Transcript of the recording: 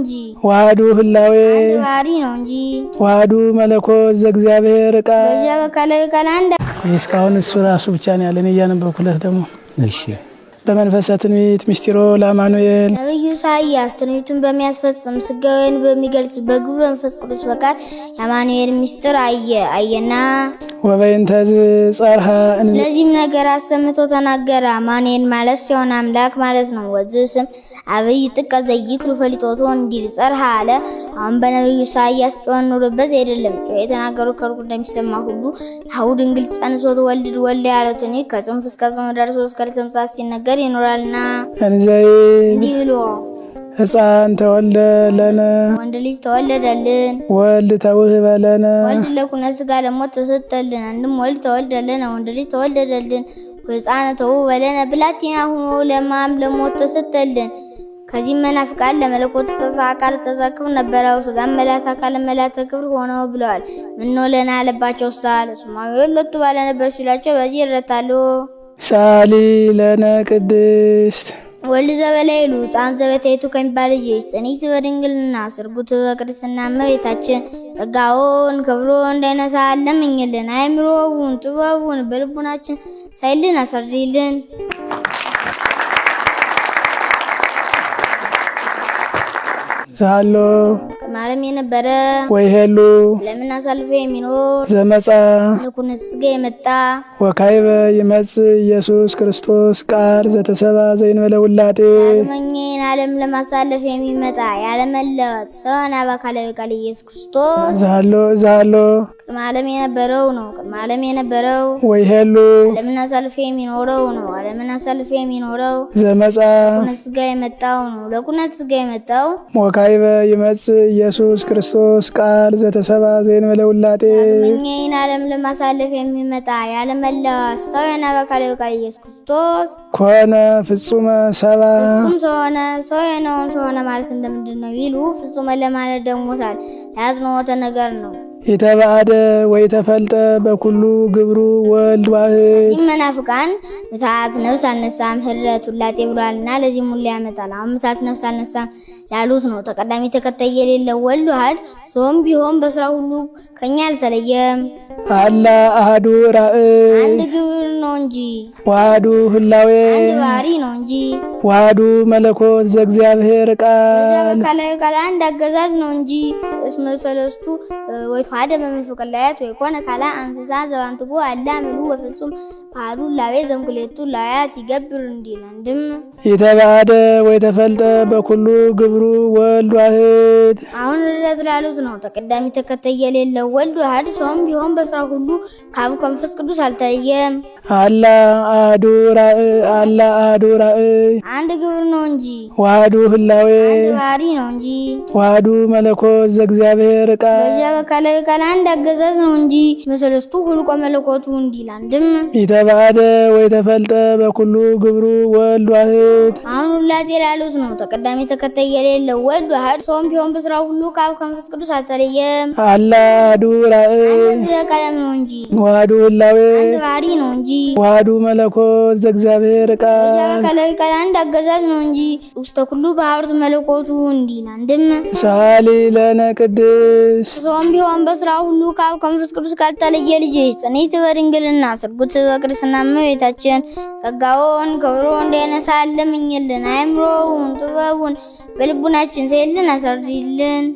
እንጂ ዋህዱ ህላዌ ባህሪ ነው እንጂ ዋህዱ መለኮት ዘእግዚአብሔር ቃል በዚያ በካላዊ ቃል አንድ። እስካሁን እሱ ራሱ ብቻ ነው ያለን እያነበብኩለት ደግሞ እሺ በመንፈሰ ትንቢት ምስጢሮ ለአማኑኤል ነቢዩ ኢሳይያስ ትንቢቱን በሚያስፈጽም ስጋዊን በሚገልጽ በግብረ መንፈስ ቅዱስ በቃል የአማኑኤል ምስጢር አየ አየና ወበይንተዝ ጸርሃ ስለዚህም ነገር አሰምቶ ተናገረ። አማኔን ማለት ሲሆን አምላክ ማለት ነው። ወዚህ ስም አብይ ጥቀ ዘይክሉ ፈሊጦቱ እንዲል ጸርሃ አለ። አሁን በነቢዩ ኢሳያስ ጮኸን ኑርበት አይደለም። ጮኸ የተናገሩ ከርቁ እንደሚሰማ ሁሉ ለአይሁድ እንግልት ጸንሶት ወልድ ወልድ ያሉት ከጽንፍ እስከ ጽንፍ ደርሶ እስከ ተምሳሌት ሲነገር ይኖራልና እንዲህ ብሎ ሕፃን ተወለለን ወንድ ልጅ ተወለደልን። ወልድ ተውህበ ለነ ወልድ ለኩነ ስጋ ለሞት ተሰጠልን። አንድም ወልድ ተወልደለን ወንድ ልጅ ተወለደልን። ሕፃነ ተውህበ ለነ ብላቴና ሁኖ ለማም ለሞት ተሰጠልን። ከዚህም መናፍቃን ለመለኮት ተሰሳ አካል ተሰሳ ክብር ነበረው ስጋ መላት አካል መላት ክብር ሆነው ብለዋል። ምኖ ለና አለባቸው ሳል ሱማዊ ሁለቱ ባለ ነበር ሲሏቸው በዚህ ይረታሉ። ሳሊ ለነ ቅድስት ወልድ ዘበላይሉ ሕፃን ዘበታይቱ ከሚባል ልጆች ጽኒት በድንግልና ስርጉት በቅድስና እመቤታችን ጸጋውን ክብሮ እንዳይነሳ ለምኝልን። አይምሮውን ጥበቡን በልቡናችን ሳይልን አሰርይልን። ሳሎ ማለም የነበረ ወይ ሄሉ ለምን አሳልፎ የሚኖር ዘመጻ ለኩነጽጌ የመጣ ወካይበ ይመጽ ኢየሱስ ክርስቶስ ቃር ዘተሰባ ዘይን ውላጤ ያልመኘን ዓለም ለማሳለፍ የሚመጣ ያለመለወጥ ሰውን አባካላዊ ቃል ኢየሱስ ክርስቶስ ዛሎ ዛሎ ቅድመ ዓለም የነበረው ነው። ቅድመ ዓለም የነበረው ወይ ሄሉ ዓለምን አሳልፎ የሚኖረው ነው። ዓለምን አሳልፎ የሚኖረው ዘመጻ ለኩነት ሥጋ የመጣው ነው። ለኩነት ሥጋ የመጣው ሞካይበ ይመጽ ኢየሱስ ክርስቶስ ቃል ዘተሰባ ዘይን መለውላጤ እኛን ዓለም ለማሳለፍ የሚመጣ ያለመለዋ ሰው የሆነ አካላዊ ቃል ኢየሱስ ክርስቶስ ከሆነ ፍጹመ ሰባ ፍጹም ሰው ሆነ። ሰው የሆነውን ሰው ሆነ ማለት እንደምንድን ነው ቢሉ ፍጹመ ለማለት ደግሞታል። ያጽንዖተ ነገር ነው። የተባደ ወይ ተፈልጠ በኩሉ ግብሩ ወልድ ዋህድ መናፍቃን ምታት ነፍስ አልነሳም ህረት ሁላጤ ብሏልና ለዚህ ሙሉ ያመጣል። አሁን ምታት ነፍስ አልነሳም ያሉት ነው ተቀዳሚ ተከታይ የሌለው ወልድ ዋህድ ሰውም ቢሆን በስራ ሁሉ ከኛ አልተለየም። አላ አህዱ ራእ አንድ ግብር ነው እንጂ ዋህዱ ህላዌ አንድ ባህሪ ነው እንጂ ዋህዱ መለኮት ዘእግዚአብሔር ቃል ቃል አንድ አገዛዝ ነው እንጂ እስመ ሰለስቱ ወይ ወይተዋሐደ በመንፈቀ ላያት ኮነ ካላ እንስሳ ዘባንትጎ አላ ምሉ ወፍጹም ፓሉ ላቤ ዘምኩሌቱ ላያት ይገብር እንዲ እንዲል የተባደ ወይ ተፈልጠ በኩሉ ግብሩ ወልድ ዋህድ አሁን ረዳት ላሉት ነው ተቀዳሚ ተከተየ የሌለው ወልድ ዋህድ ሰውም ቢሆን በስራ ሁሉ ካብ ከመንፈስ ቅዱስ አልተለየም። አላ አዱራ አላ አዱራ አንድ ግብር ነው እንጂ ዋህዱ ህላዌ ባህሪ ነው እንጂ ዋህዱ መለኮት ዘእግዚአብሔር ቃል በካላዊ ቃል አንድ አገዛዝ ነው እንጂ በሰለስቱ ሁልቆ መለኮቱ እንዲል አንድም ኢተባአደ ወይ ተፈልጠ በኩሉ ግብሩ ወልድ ዋህድ አሁን ሁላቴ ላሉት ነው ተቀዳሚ ተከታይ የሌለው ወልድ ዋህድ ሰውም ቢሆን በስራው ሁሉ ከአብ ከመንፈስ ቅዱስ አልተለየም። አላዱ ራእይ ቀለም ነው እንጂ ዋህዱ ህላዌ አንድ ባህሪ ነው እንጂ ዋህዱ መለኮት ዘእግዚአብሔር ቃል በካላዊ ቃል አንድ አገዛዝ ነው እንጂ ውስተ ኩሉ በሀብርት መለኮቱ እንድም ሳሊ ለነ ቅድስ ሰውም ቢሆን በስራ ሁሉ ካብ ከመንፈስ ቅዱስ ጋር ተለየ ልጅ ጽኔት በድንግልና ስርጉት በቅድስና እመቤታችን ጸጋውን ክብሮ እንዳይነሳ ለምኝልን። አእምሮውን ጥበቡን በልቡናችን ሴልን አሰርድልን።